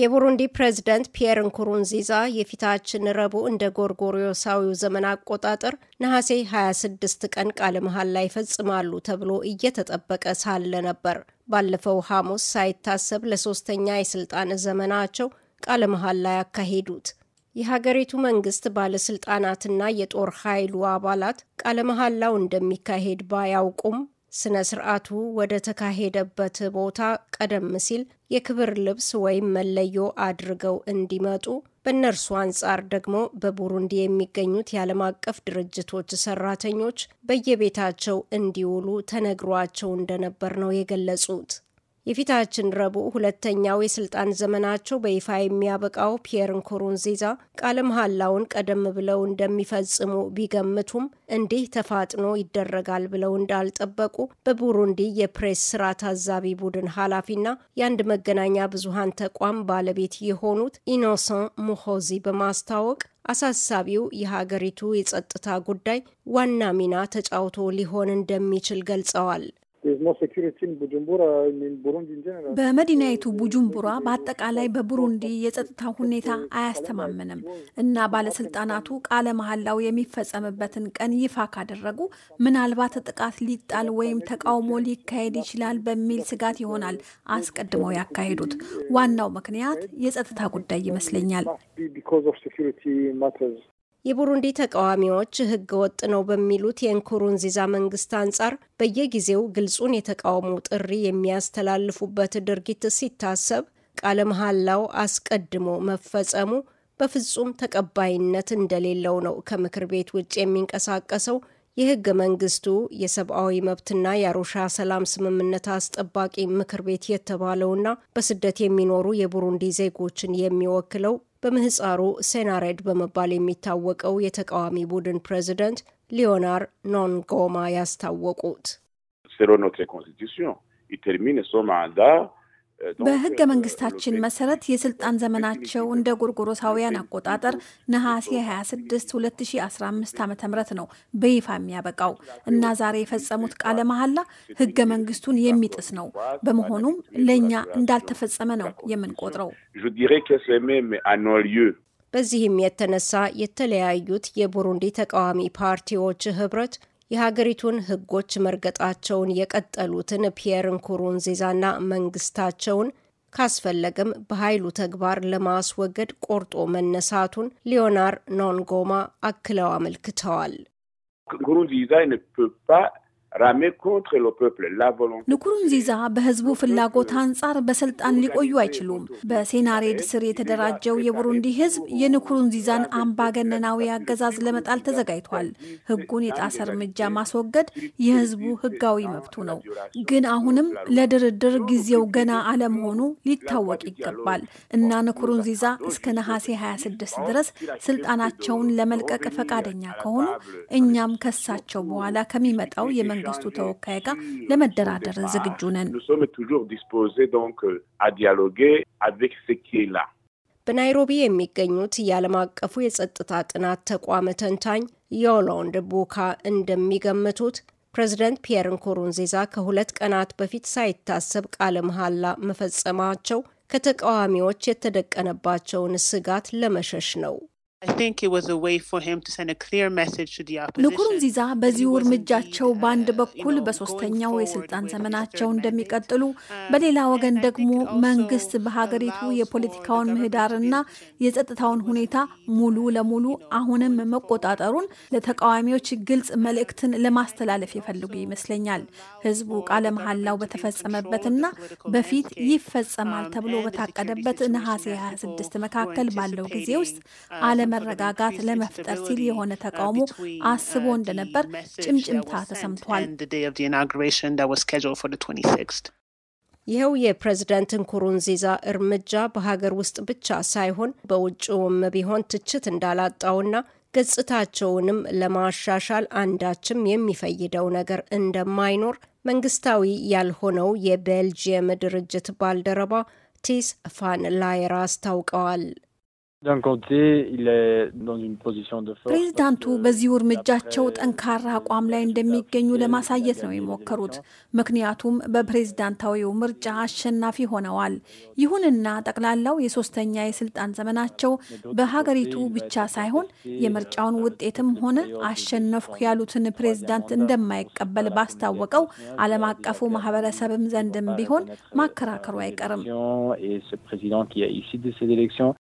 የቡሩንዲ ፕሬዝደንት ፒየር ንኩሩንዚዛ የፊታችን ረቡዕ እንደ ጎርጎሪዮሳዊው ዘመን አቆጣጠር ነሐሴ 26 ቀን ቃለ መሐላ ይፈጽማሉ ተብሎ እየተጠበቀ ሳለ ነበር ባለፈው ሐሙስ ሳይታሰብ ለሶስተኛ የስልጣን ዘመናቸው ቃለ መሐላ ያካሄዱት። የሀገሪቱ መንግስት ባለስልጣናትና የጦር ኃይሉ አባላት ቃለ መሐላው እንደሚካሄድ ባያውቁም ስነ ስርዓቱ ወደ ተካሄደበት ቦታ ቀደም ሲል የክብር ልብስ ወይም መለዮ አድርገው እንዲመጡ በእነርሱ አንጻር ደግሞ በቡሩንዲ የሚገኙት የዓለም አቀፍ ድርጅቶች ሰራተኞች በየቤታቸው እንዲውሉ ተነግሯቸው እንደነበር ነው የገለጹት። የፊታችን ረቡዕ ሁለተኛው የስልጣን ዘመናቸው በይፋ የሚያበቃው ፒየር ንኩሩንዚዛ ቃለ መሐላውን ቀደም ብለው እንደሚፈጽሙ ቢገምቱም እንዲህ ተፋጥኖ ይደረጋል ብለው እንዳልጠበቁ በቡሩንዲ የፕሬስ ስራ ታዛቢ ቡድን ኃላፊና የአንድ መገናኛ ብዙሃን ተቋም ባለቤት የሆኑት ኢኖሰን ሙሆዚ በማስታወቅ አሳሳቢው የሀገሪቱ የጸጥታ ጉዳይ ዋና ሚና ተጫውቶ ሊሆን እንደሚችል ገልጸዋል። በመዲናይቱ ቡጁምቡራ በአጠቃላይ በቡሩንዲ የጸጥታ ሁኔታ አያስተማምንም እና ባለስልጣናቱ ቃለ መሐላው የሚፈጸምበትን ቀን ይፋ ካደረጉ ምናልባት ጥቃት ሊጣል ወይም ተቃውሞ ሊካሄድ ይችላል በሚል ስጋት ይሆናል አስቀድመው ያካሄዱት። ዋናው ምክንያት የጸጥታ ጉዳይ ይመስለኛል። የቡሩንዲ ተቃዋሚዎች ህገ ወጥ ነው በሚሉት የንኩሩንዚዛ መንግስት አንጻር በየጊዜው ግልጹን የተቃውሞ ጥሪ የሚያስተላልፉበት ድርጊት ሲታሰብ ቃለ መሐላው አስቀድሞ መፈጸሙ በፍጹም ተቀባይነት እንደሌለው ነው ከምክር ቤት ውጭ የሚንቀሳቀሰው የህገ መንግስቱ የሰብአዊ መብትና የአሮሻ ሰላም ስምምነት አስጠባቂ ምክር ቤት የተባለውና በስደት የሚኖሩ የቡሩንዲ ዜጎችን የሚወክለው በምህፃሩ ሴናሬድ በመባል የሚታወቀው የተቃዋሚ ቡድን ፕሬዚደንት ሊዮናር ኖንጎማ ያስታወቁት በህገ መንግስታችን መሰረት የስልጣን ዘመናቸው እንደ ጎርጎሮሳውያን አቆጣጠር ነሐሴ 26 2015 ዓ ም ነው በይፋ የሚያበቃው እና ዛሬ የፈጸሙት ቃለ መሐላ ህገ መንግስቱን የሚጥስ ነው። በመሆኑም ለእኛ እንዳልተፈጸመ ነው የምንቆጥረው። በዚህም የተነሳ የተለያዩት የቡሩንዲ ተቃዋሚ ፓርቲዎች ህብረት የሀገሪቱን ሕጎች መርገጣቸውን የቀጠሉትን ፒየር ንኩሩንዚዛና መንግስታቸውን ካስፈለገም በኃይሉ ተግባር ለማስወገድ ቆርጦ መነሳቱን ሊዮናር ኖንጎማ አክለው አመልክተዋል። ንኩሩንዚዛ በህዝቡ ፍላጎት አንጻር በስልጣን ሊቆዩ አይችሉም። በሴናሬድ ስር የተደራጀው የቡሩንዲ ህዝብ የንኩሩንዚዛን አምባገነናዊ አገዛዝ ለመጣል ተዘጋጅቷል። ህጉን የጣሰ እርምጃ ማስወገድ የህዝቡ ህጋዊ መብቱ ነው። ግን አሁንም ለድርድር ጊዜው ገና አለመሆኑ ሊታወቅ ይገባል እና ንኩሩንዚዛ እስከ ነሐሴ 26 ድረስ ስልጣናቸውን ለመልቀቅ ፈቃደኛ ከሆኑ እኛም ከሳቸው በኋላ ከሚመጣው የመ ከመንግስቱ ተወካይ ጋር ለመደራደር ዝግጁ ነን። በናይሮቢ የሚገኙት የዓለም አቀፉ የጸጥታ ጥናት ተቋም ተንታኝ ዮሎንድ ቦካ እንደሚገምቱት ፕሬዚደንት ፒየር ንኩሩንዚዛ ከሁለት ቀናት በፊት ሳይታሰብ ቃለ መሐላ መፈጸማቸው ከተቃዋሚዎች የተደቀነባቸውን ስጋት ለመሸሽ ነው። ንኩሩንዚዛ በዚሁ እርምጃቸው በአንድ uh, በኩል በሶስተኛው የስልጣን ዘመናቸው እንደሚቀጥሉ፣ um, በሌላ ወገን ደግሞ መንግስት በሀገሪቱ የፖለቲካውን ምህዳርና የጸጥታውን ሁኔታ ሙሉ ለሙሉ አሁንም መቆጣጠሩን ለተቃዋሚዎች ግልጽ መልእክትን ለማስተላለፍ የፈልጉ ይመስለኛል። ህዝቡ ቃለ መሐላው በተፈጸመበትና በፊት ይፈጸማል um, ተብሎ በታቀደበት ነሐሴ 26 መካከል ባለው ጊዜ ውስጥ አለ አለመረጋጋት ለመፍጠር ሲል የሆነ ተቃውሞ uh, አስቦ እንደነበር ጭምጭምታ ተሰምቷል። ይኸው የፕሬዝዳንት ንኩሩንዚዛ እርምጃ በሀገር ውስጥ ብቻ ሳይሆን በውጭውም ቢሆን ትችት እንዳላጣውና ገጽታቸውንም ለማሻሻል አንዳችም የሚፈይደው ነገር እንደማይኖር መንግስታዊ ያልሆነው የቤልጅየም ድርጅት ባልደረባ ቲስ ፋን ላየር አስታውቀዋል። ፕሬዚዳንቱ በዚሁ እርምጃቸው ጠንካራ አቋም ላይ እንደሚገኙ ለማሳየት ነው የሞከሩት። ምክንያቱም በፕሬዚዳንታዊው ምርጫ አሸናፊ ሆነዋል። ይሁንና ጠቅላላው የሶስተኛ የስልጣን ዘመናቸው በሀገሪቱ ብቻ ሳይሆን የምርጫውን ውጤትም ሆነ አሸነፍኩ ያሉትን ፕሬዚዳንት እንደማይቀበል ባስታወቀው ዓለም አቀፉ ማህበረሰብም ዘንድም ቢሆን ማከራከሩ አይቀርም።